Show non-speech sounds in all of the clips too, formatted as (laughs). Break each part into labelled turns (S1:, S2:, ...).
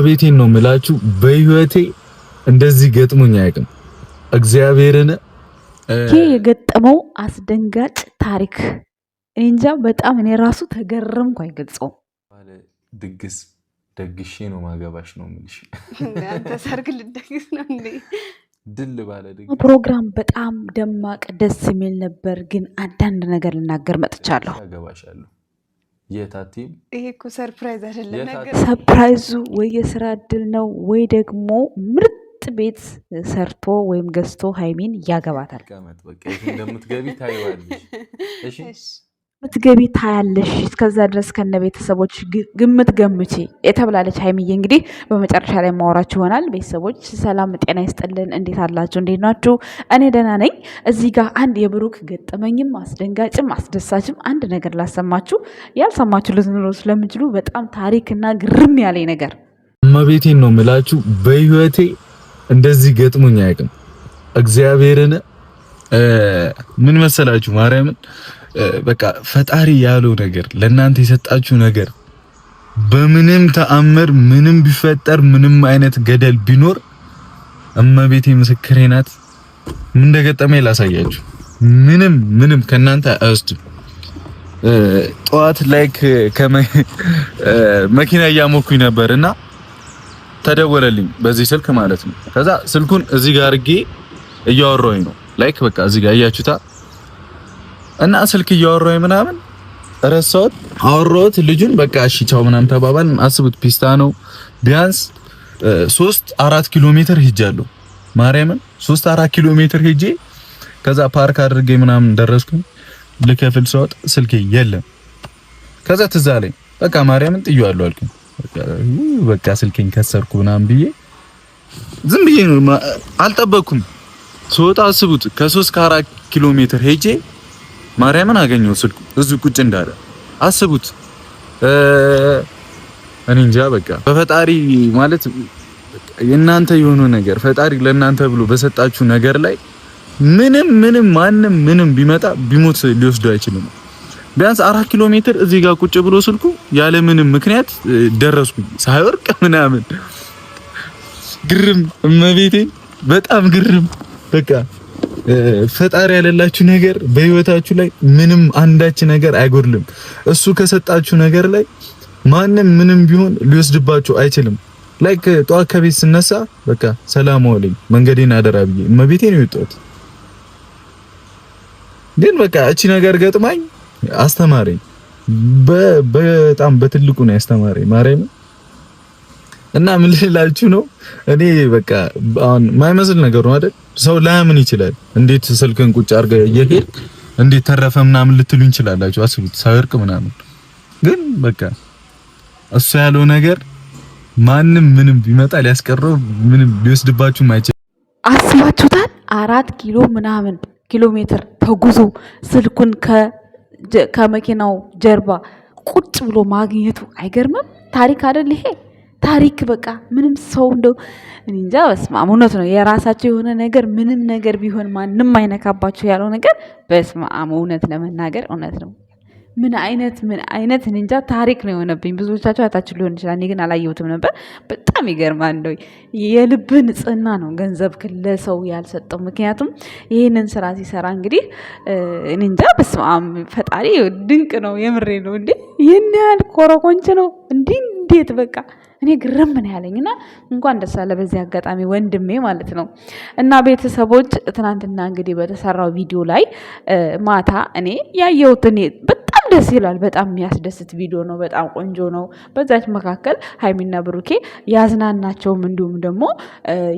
S1: እመቤቴን ነው የምላችሁ፣ በህይወቴ እንደዚህ ገጥሞኝ አያውቅም። እግዚአብሔርን
S2: ይሄ የገጠመው አስደንጋጭ ታሪክ እንጃ፣ በጣም እኔ ራሱ ተገረምኩ። አይገልጸውም።
S1: ድግስ ደግሼ ነው ማገባሽ ነው የምልሽ።
S2: ሰርግ ልደግስ ነው እንዴ?
S1: ድል ባለ ድግስ
S2: ፕሮግራም በጣም ደማቅ ደስ የሚል ነበር። ግን አንዳንድ ነገር ልናገር መጥቻለሁ። የታቲም ይሄ እኮ ሰርፕራይዝ አይደለም። ሰርፕራይዙ ወይ የስራ እድል ነው ወይ ደግሞ ምርጥ ቤት ሰርቶ ወይም ገዝቶ ሀይሚን ያገባታል።
S1: እንደምትገቢ ታይዋለሽ። (laughs) እሺ
S2: ምትገቢ ታያለሽ እስከዛ ድረስ ከነ ቤተሰቦች ግምት ገምቼ የተብላለች ሀይሚዬ እንግዲህ በመጨረሻ ላይ ማወራችሁ ይሆናል። ቤተሰቦች ሰላም ጤና ይስጥልን። እንዴት አላችሁ? እንዴት ናችሁ? እኔ ደህና ነኝ። እዚህ ጋር አንድ የብሩክ ገጠመኝም አስደንጋጭም አስደሳችም አንድ ነገር ላሰማችሁ። ያልሰማችሁ ልትኖሩ ስለምችሉ በጣም ታሪክና ግርም ያለኝ ነገር
S1: እመቤቴን ነው ምላችሁ። በህይወቴ እንደዚህ ገጥሞኝ አያውቅም። እግዚአብሔርን ምን መሰላችሁ ማርያምን በቃ ፈጣሪ ያለው ነገር ለእናንተ የሰጣችሁ ነገር በምንም ተአምር ምንም ቢፈጠር ምንም አይነት ገደል ቢኖር እመቤቴ ምስክሬ ናት። ምን እንደገጠመ ላሳያችሁ። ምንም ምንም ከእናንተ አያወስድም። ጠዋት ላይ መኪና እያሞኩኝ ነበር እና ተደወለልኝ በዚህ ስልክ ማለት ነው። ከዛ ስልኩን እዚህ ጋር አድርጌ እያወራሁኝ ነው። ላይክ በቃ እዚህ ጋር እያችሁታ እና ስልክ እያወራሁኝ ምናምን ረሳሁት። አወራሁት ልጁን በቃ እሺ ቻው ምናምን ተባባልን። አስቡት ፒስታ ነው ቢያንስ ሶስት አራት ኪሎ ሜትር ሄጃለሁ። ማርያምን ሶስት አራት ኪሎ ሜትር ሄጄ ከዛ ፓርክ አድርጌ ምናምን ደረስኩኝ። ልከፍል ስወጣ ስልኬ የለም። ከዛ ትዝ አለኝ በቃ ማርያምን ጥዬዋለሁ አልኩኝ። በቃ ስልኬን ከሰርኩ ምናምን ብዬ ዝም ብዬ ነው አልጠበኩም። ስወጣ አስቡት ከሶስት ከአራት ኪሎ ሜትር ሄጄ ማርያምን አገኘው ስልኩ እዚ ቁጭ እንዳለ አስቡት። እኔ እንጃ በቃ በፈጣሪ ማለት የእናንተ የሆነ ነገር ፈጣሪ ለእናንተ ብሎ በሰጣችሁ ነገር ላይ ምንም ምንም ማንም ምንም ቢመጣ ቢሞት ሊወስዱ አይችልም። ቢያንስ አራት ኪሎ ሜትር እዚህ ጋር ቁጭ ብሎ ስልኩ ያለ ምንም ምክንያት ደረስኩኝ ሳይወርቅ ምናምን ግርም እመቤቴ በጣም ግርም በቃ ፈጣሪ ያለላችሁ ነገር በህይወታችሁ ላይ ምንም አንዳች ነገር አይጎድልም። እሱ ከሰጣችሁ ነገር ላይ ማንም ምንም ቢሆን ሊወስድባችሁ አይችልም። ላይክ ጠዋት ከቤት ስነሳ በቃ ሰላም ዋለኝ መንገዴን አደራ ብዬ እመቤቴ ነው የወጣሁት። ግን በቃ እቺ ነገር ገጥማኝ አስተማረኝ። በጣም በትልቁ ነው ያስተማረኝ ማርያም እና ምን ልላችሁ ነው እኔ በቃ አሁን የማይመስል ነገር ነው አይደል? ሰው ላያምን ይችላል። እንዴት ስልክን ቁጭ አርገ እየሄድክ እንዴት ተረፈ ምናምን ልትሉ እንችላላችሁ። አስቡት ሳይወርቅ ምናምን። ግን በቃ እሱ ያለው ነገር ማንም ምንም ቢመጣ ሊያስቀረው ምንም ሊወስድባችሁ ማይችል።
S2: አስባችሁታል? አራት ኪሎ ምናምን ኪሎ ሜትር ተጉዞ ስልኩን ከመኪናው ጀርባ ቁጭ ብሎ ማግኘቱ አይገርምም? ታሪክ አይደል ይሄ? ታሪክ በቃ ምንም ሰው እንደው እንጃ በስማም እውነት ነው። የራሳቸው የሆነ ነገር ምንም ነገር ቢሆን ማንም አይነካባቸው ያለው ነገር በስማም እውነት ለመናገር እውነት ነው። ምን አይነት ምን አይነት እንጃ ታሪክ ነው የሆነብኝ። ብዙዎቻቸው አያታችሁ ሊሆን ይችላል። እኔ ግን አላየሁትም ነበር። በጣም ይገርማል። እንደው የልብ ንጽህና ነው ገንዘብ ለሰው ያልሰጠው። ምክንያቱም ይህንን ስራ ሲሰራ እንግዲህ እንጃ በስማም ፈጣሪ ድንቅ ነው። የምሬ ነው እንዴ! ይህን ያህል ኮረኮንች ነው እንዲህ እንዴት በቃ እኔ ግርም ምን ያለኝ እና እንኳን ደስ አለ በዚህ አጋጣሚ ወንድሜ ማለት ነው። እና ቤተሰቦች ትናንትና እንግዲህ በተሰራው ቪዲዮ ላይ ማታ እኔ ያየሁት እኔ በጣም ደስ ይላል። በጣም የሚያስደስት ቪዲዮ ነው። በጣም ቆንጆ ነው። በዛች መካከል ሀይሚና ብሩኬ ያዝናናቸውም እንዲሁም ደግሞ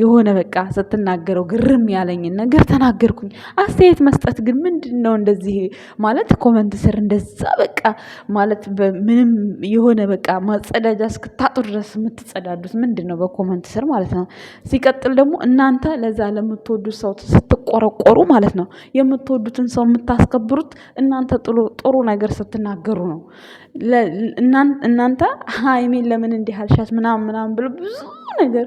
S2: የሆነ በቃ ስትናገረው ግርም ያለኝን ነገር ተናገርኩኝ። አስተያየት መስጠት ግን ምንድን ነው እንደዚህ ማለት ኮመንት ስር እንደዛ በቃ ማለት ምንም የሆነ በቃ ማጸዳጃ እስክታጡ ድረስ የምትጸዳዱት ምንድን ነው በኮመንት ስር ማለት ነው። ሲቀጥል ደግሞ እናንተ ለዛ ለምትወዱት ሰው ስትቆረቆሩ ማለት ነው የምትወዱትን ሰው የምታስከብሩት እናንተ ጥሩ ነገር ስትናገሩ ነው እናንተ ሀይሜን ለምን እንዲህ አልሻት ምናምን ምናምን ብሎ ብዙ ነገር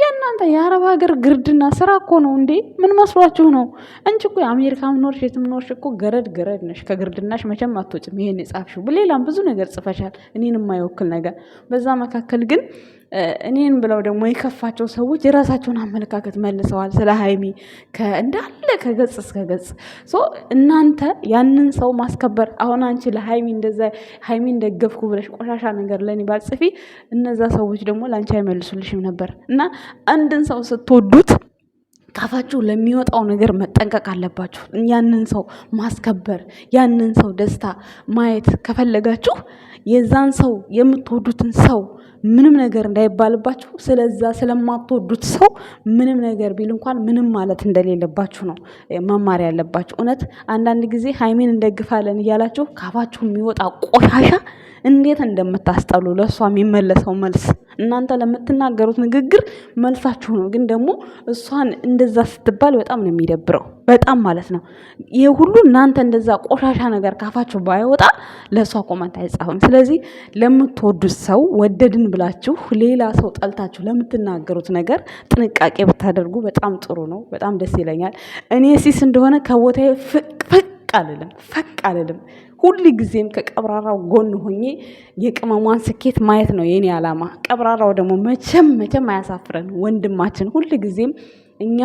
S2: የእናንተ የአረብ ሀገር ግርድና ስራ እኮ ነው እንዴ! ምን መስሏችሁ ነው? እንች እኮ የአሜሪካ ምኖርሽ የትም ኖርሽ እኮ ገረድ ገረድ ነሽ። ከግርድናሽ መቼም አትወጭም። ይሄን የጻፍሽው ሌላም ብዙ ነገር ጽፈሻል፣ እኔን የማይወክል ነገር። በዛ መካከል ግን እኔን ብለው ደግሞ የከፋቸው ሰዎች የራሳቸውን አመለካከት መልሰዋል። ስለ ሀይሚ እንዳለ ከገጽ እስከ ገጽ እናንተ ያንን ሰው ማስከበር አሁን አንቺ ለሀይሚ እንደዛ ሀይሚን ደገፍኩ ብለሽ ቆሻሻ ነገር ለእኔ ባጽፊ እነዛ ሰዎች ደግሞ ለአንቺ አይመልሱልሽም ነበር እና አንድን ሰው ስትወዱት ከአፋችሁ ለሚወጣው ነገር መጠንቀቅ አለባችሁ። ያንን ሰው ማስከበር፣ ያንን ሰው ደስታ ማየት ከፈለጋችሁ የዛን ሰው የምትወዱትን ሰው ምንም ነገር እንዳይባልባችሁ ስለዛ ስለማትወዱት ሰው ምንም ነገር ቢል እንኳን ምንም ማለት እንደሌለባችሁ ነው መማር ያለባችሁ። እውነት አንዳንድ ጊዜ ሀይሜን እንደግፋለን እያላችሁ ከአፋችሁ የሚወጣ ቆሻሻ እንዴት እንደምታስጠሉ ለእሷ የሚመለሰው መልስ እናንተ ለምትናገሩት ንግግር መልሳችሁ ነው። ግን ደግሞ እሷን እንደዛ ስትባል በጣም ነው የሚደብረው፣ በጣም ማለት ነው። ይሄ ሁሉ እናንተ እንደዛ ቆሻሻ ነገር ካፋችሁ ባይወጣ ለእሷ ኮመንት አይጻፍም። ስለዚህ ለምትወዱት ሰው ወደድን ብላችሁ ሌላ ሰው ጠልታችሁ ለምትናገሩት ነገር ጥንቃቄ ብታደርጉ በጣም ጥሩ ነው። በጣም ደስ ይለኛል። እኔ ሲስ እንደሆነ ከቦታ ፍቅ አልልም፣ ፈቅ አልልም። ሁል ጊዜም ከቀብራራው ጎን ሆኜ የቅመሟን ስኬት ማየት ነው የኔ ዓላማ። ቀብራራው ደግሞ መቼም መቼም አያሳፍረን ወንድማችን ሁል ጊዜም እኛ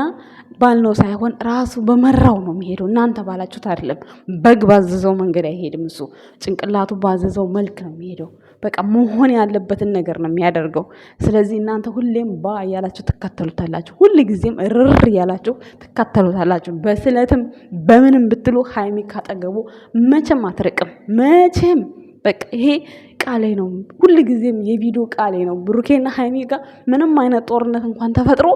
S2: ባልነው ሳይሆን ራሱ በመራው ነው የሚሄደው። እናንተ ባላችሁት አይደለም። በግ ባዘዘው መንገድ አይሄድም እሱ ጭንቅላቱ ባዘዘው መልክ ነው የሚሄደው። በቃ መሆን ያለበትን ነገር ነው የሚያደርገው። ስለዚህ እናንተ ሁሌም ባ እያላችሁ ትከተሉታላችሁ። ሁል ጊዜም ርር እያላችሁ ትከተሉታላችሁ። በስለትም በምንም ብትሉ ሀይሚ ካጠገቡ መቼም አትርቅም። መቼም በቃ ይሄ ቃሌ ነው፣ ሁል ጊዜም የቪዲዮ ቃሌ ነው። ብሩኬና ሀይሜ ጋር ምንም አይነት ጦርነት እንኳን ተፈጥሮ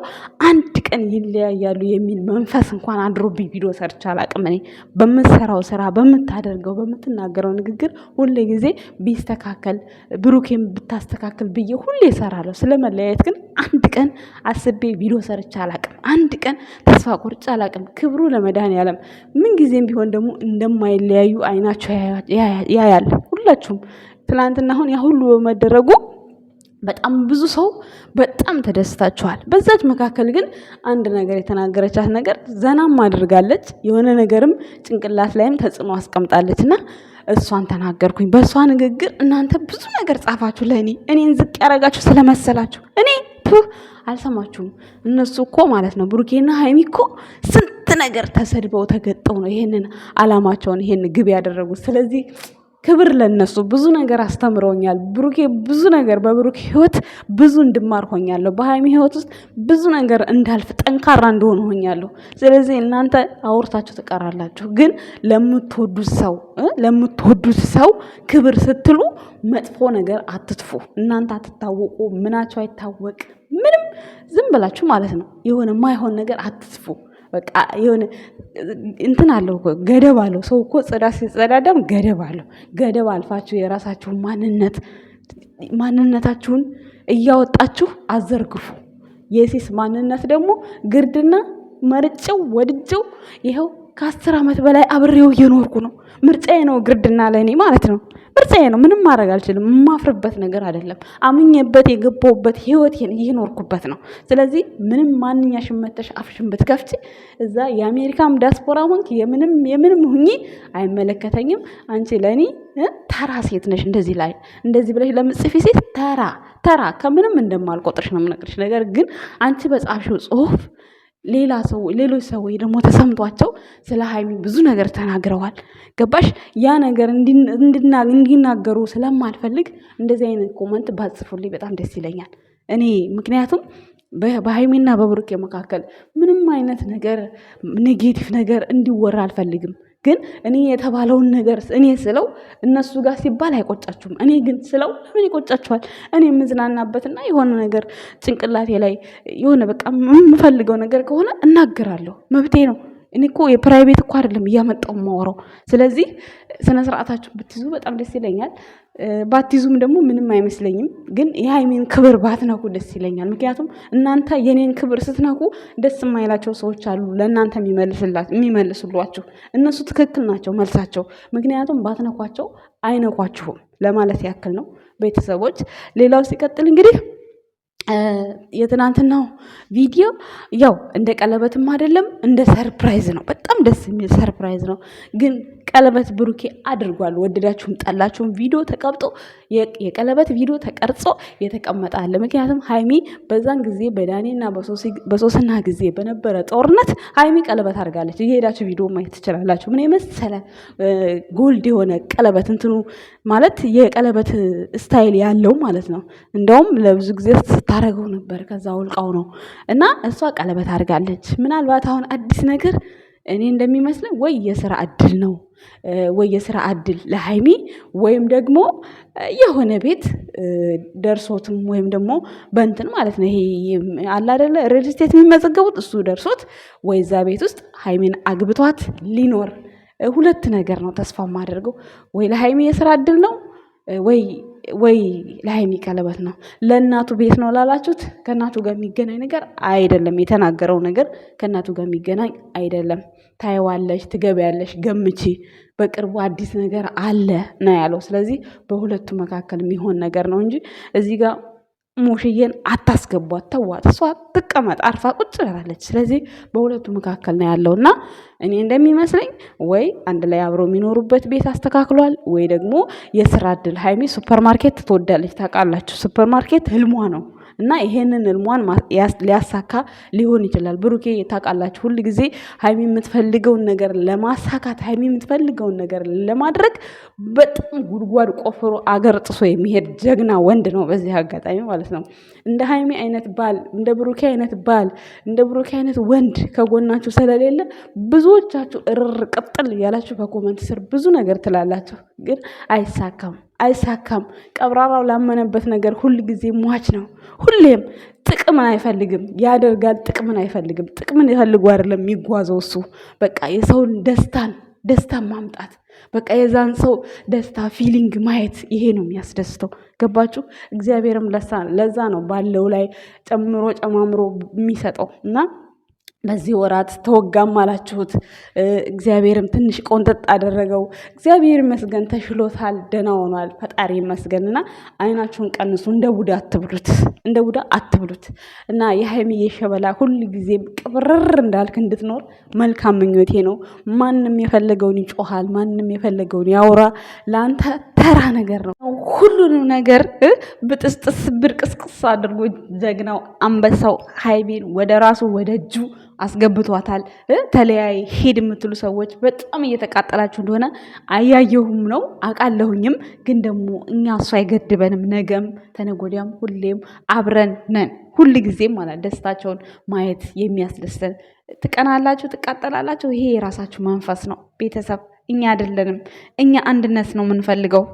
S2: አንድ ቀን ይለያያሉ የሚል መንፈስ እንኳን አድሮብኝ ቪዲዮ ሰርቼ አላቅም። እኔ በምትሰራው ስራ፣ በምታደርገው፣ በምትናገረው ንግግር ሁል ጊዜ ቢስተካከል ብሩኬን ብታስተካከል ብዬ ሁሌ እሰራለሁ። ስለመለያየት ግን አንድ ቀን አስቤ ቪዲዮ ሰርቼ አላቅም። አንድ ቀን ተስፋ ቆርጬ አላቅም። ክብሩ ለመድኃኔዓለም ምንጊዜም ቢሆን ደግሞ እንደማይለያዩ አይናቸው ያያል። ሁላችሁም ትላንትና አሁን ያ ሁሉ መደረጉ በጣም ብዙ ሰው በጣም ተደስታችኋል። በዛች መካከል ግን አንድ ነገር የተናገረቻት ነገር ዘናም አድርጋለች፣ የሆነ ነገርም ጭንቅላት ላይም ተጽዕኖ አስቀምጣለች እና እሷን ተናገርኩኝ። በእሷ ንግግር እናንተ ብዙ ነገር ጻፋችሁ፣ ለእኔ እኔን ዝቅ ያደረጋችሁ ስለመሰላችሁ እኔ አልሰማችሁም። እነሱ እኮ ማለት ነው ብሩኬና ሀይሚ እኮ ስንት ነገር ተሰድበው ተገጠው ነው ይህንን አላማቸውን ይህን ግብ ያደረጉት። ስለዚህ ክብር ለነሱ ብዙ ነገር አስተምረውኛል። ብሩኬ ብዙ ነገር በብሩኬ ህይወት ብዙ እንድማር ሆኛለሁ። በሀይሚ ህይወት ውስጥ ብዙ ነገር እንዳልፍ ጠንካራ እንደሆን ሆኛለሁ። ስለዚህ እናንተ አውርታችሁ ትቀራላችሁ፣ ግን ለምትወዱት ሰው ለምትወዱት ሰው ክብር ስትሉ መጥፎ ነገር አትትፉ እናንተ አትታወቁ፣ ምናቸው አይታወቅ፣ ምንም ዝም ብላችሁ ማለት ነው የሆነ ማይሆን ነገር አትትፉ። በቃ የሆነ እንትን አለው እኮ ገደብ አለው። ሰው እኮ ጽዳ ሲጸዳደም ገደብ አለው። ገደብ አልፋችሁ የራሳችሁን ማንነት ማንነታችሁን እያወጣችሁ አዘርግፉ። የሲስ ማንነት ደግሞ ግርድና መርጭው ወድጭው ይኸው ከአስር ዓመት በላይ አብሬው እየኖርኩ ነው። ምርጫዬ ነው ግርድና ለእኔ ማለት ነው። ምርጫዬ ነው። ምንም ማድረግ አልችልም። የማፍርበት ነገር አይደለም። አምኜበት የገባሁበት ህይወት እየኖርኩበት ነው። ስለዚህ ምንም ማንኛሽን መተሽ አፍሽን ብትከፍቺ እዛ የአሜሪካም ዲያስፖራ ሆንክ የምንም የምንም ሁኚ አይመለከተኝም። አንቺ ለእኔ ተራ ሴት ነሽ። እንደዚህ ላይ እንደዚህ ብለሽ ለምጽፊ ሴት ተራ ተራ ከምንም እንደማልቆጥርሽ ነው የምነግርሽ። ነገር ግን አንቺ በጻፍሽው ጽሁፍ ሌላ ሰው ሌሎች ሰዎች ደግሞ ተሰምቷቸው ስለ ሀይሚ ብዙ ነገር ተናግረዋል። ገባሽ? ያ ነገር እንዲናገሩ ስለማልፈልግ እንደዚህ አይነት ኮመንት ባጽፉልኝ በጣም ደስ ይለኛል። እኔ ምክንያቱም በሀይሚና በብሩኬ መካከል ምንም አይነት ነገር ኔጌቲቭ ነገር እንዲወራ አልፈልግም። ግን እኔ የተባለውን ነገር እኔ ስለው እነሱ ጋር ሲባል አይቆጫችሁም፣ እኔ ግን ስለው ለምን ይቆጫችኋል? እኔ የምዝናናበትና የሆነ ነገር ጭንቅላቴ ላይ የሆነ በቃ የምፈልገው ነገር ከሆነ እናገራለሁ፣ መብቴ ነው። እኔ እኮ የፕራይቬት እኮ አይደለም እያመጣው ማወራው። ስለዚህ ስነ ስርዓታችሁን ብትይዙ በጣም ደስ ይለኛል። ባትይዙም ደግሞ ምንም አይመስለኝም። ግን የሃይሜን ክብር ባትነኩ ደስ ይለኛል። ምክንያቱም እናንተ የኔን ክብር ስትነኩ ደስ የማይላቸው ሰዎች አሉ፣ ለእናንተ የሚመልሱሏችሁ። እነሱ ትክክል ናቸው መልሳቸው። ምክንያቱም ባትነኳቸው አይነኳችሁም ለማለት ያክል ነው ቤተሰቦች። ሌላው ሲቀጥል እንግዲህ የትናንትናው ቪዲዮ ያው እንደ ቀለበትም አይደለም እንደ ሰርፕራይዝ ነው። በጣም ደስ የሚል ሰርፕራይዝ ነው ግን ቀለበት ብሩኬ አድርጓል። ወደዳችሁም ጠላችሁም ቪዲዮ ተቀብጦ የቀለበት ቪዲዮ ተቀርጾ የተቀመጠ አለ። ምክንያቱም ሃይሚ በዛን ጊዜ በዳኔና በሶስና ጊዜ በነበረ ጦርነት ሃይሚ ቀለበት አድርጋለች። እየሄዳችሁ ቪዲዮ ማየት ትችላላችሁ። ምን የመሰለ ጎልድ የሆነ ቀለበት እንትኑ ማለት የቀለበት ስታይል ያለው ማለት ነው። እንደውም ለብዙ ጊዜ ስታረገው ነበር። ከዛ ውልቃው ነው እና እሷ ቀለበት አድርጋለች። ምናልባት አሁን አዲስ ነገር እኔ እንደሚመስለኝ ወይ የስራ እድል ነው ወይ የስራ እድል ለሀይሚ ወይም ደግሞ የሆነ ቤት ደርሶትም ወይም ደግሞ በንትን ማለት ነው ይሄ አለ አይደለ ሪል ስቴት የሚመዘገቡት እሱ ደርሶት ወይ እዛ ቤት ውስጥ ሀይሜን አግብቷት ሊኖር ሁለት ነገር ነው ተስፋ ማደርገው ወይ ለሀይሚ የስራ እድል ነው ወይ ወይ ለሀይሚ ቀለበት ነው ለእናቱ ቤት ነው ላላችሁት ከእናቱ ጋር የሚገናኝ ነገር አይደለም። የተናገረው ነገር ከእናቱ ጋር የሚገናኝ አይደለም። ታይዋለሽ፣ ትገበያለሽ፣ ገምቺ በቅርቡ አዲስ ነገር አለ ነው ያለው። ስለዚህ በሁለቱ መካከል የሚሆን ነገር ነው እንጂ እዚህ ጋር ሙሽዬን አታስገቧት፣ ተዋት። እሷ ትቀመጥ አርፋ ቁጭ ብላለች። ስለዚህ በሁለቱ መካከል ነው ያለው እና እኔ እንደሚመስለኝ ወይ አንድ ላይ አብሮ የሚኖሩበት ቤት አስተካክሏል፣ ወይ ደግሞ የስራ እድል። ሀይሚ ሱፐርማርኬት ትወዳለች። ታውቃላችሁ፣ ሱፐርማርኬት ህልሟ ነው። እና ይሄንን እልሟን ሊያሳካ ሊሆን ይችላል። ብሩኬ ታውቃላችሁ፣ ሁል ጊዜ ሀይሚ የምትፈልገውን ነገር ለማሳካት ሀይሚ የምትፈልገውን ነገር ለማድረግ በጣም ጉድጓድ ቆፍሮ አገር ጥሶ የሚሄድ ጀግና ወንድ ነው። በዚህ አጋጣሚ ማለት ነው እንደ ሀይሚ አይነት ባል፣ እንደ ብሩኬ አይነት ባል፣ እንደ ብሩኬ አይነት ወንድ ከጎናችሁ ስለሌለ ብዙዎቻችሁ እርር ቅጥል ያላችሁ በኮመንት ስር ብዙ ነገር ትላላችሁ፣ ግን አይሳካም። አይሳካም። ቀብራራው ላመነበት ነገር ሁል ጊዜ ሟች ነው። ሁሌም ጥቅምን አይፈልግም፣ ያደርጋል። ጥቅምን አይፈልግም። ጥቅምን የፈልጉ አይደለም የሚጓዘው እሱ በቃ የሰውን ደስታን ደስታን ማምጣት በቃ የዛን ሰው ደስታ ፊሊንግ ማየት ይሄ ነው የሚያስደስተው። ገባችሁ? እግዚአብሔርም ለዛ ነው ባለው ላይ ጨምሮ ጨማምሮ የሚሰጠው እና በዚህ ወራት ተወጋም አላችሁት። እግዚአብሔርም ትንሽ ቆንጠጥ አደረገው። እግዚአብሔር ይመስገን ተሽሎታል፣ ደህና ሆኗል። ፈጣሪ ይመስገንና አይናችሁን ቀንሱ። እንደ ቡዳ አትብሉት፣ እንደ ቡዳ አትብሉት እና የሀይሚዬ ሸበላ ሁል ጊዜም ቅብርር እንዳልክ እንድትኖር መልካም ምኞቴ ነው። ማንም የፈለገውን ይጮሃል፣ ማንም የፈለገውን ያውራ። ለአንተ ተራ ነገር ነው። ሁሉንም ነገር ብጥስጥስ ብርቅስቅስ አድርጎ ጀግናው አንበሳው ሀይቤን ወደ ራሱ ወደ እጁ አስገብቷታል። ተለያይ ሄድ የምትሉ ሰዎች በጣም እየተቃጠላችሁ እንደሆነ አያየሁም ነው አውቃለሁኝም። ግን ደግሞ እኛ እሱ አይገድበንም። ነገም ተነጎዳም ሁሌም አብረን ነን። ሁል ጊዜም ማለት ደስታቸውን ማየት የሚያስደስተን። ትቀናላችሁ፣ ትቃጠላላችሁ። ይሄ የራሳችሁ መንፈስ ነው ቤተሰብ። እኛ አይደለንም። እኛ አንድነት ነው የምንፈልገው።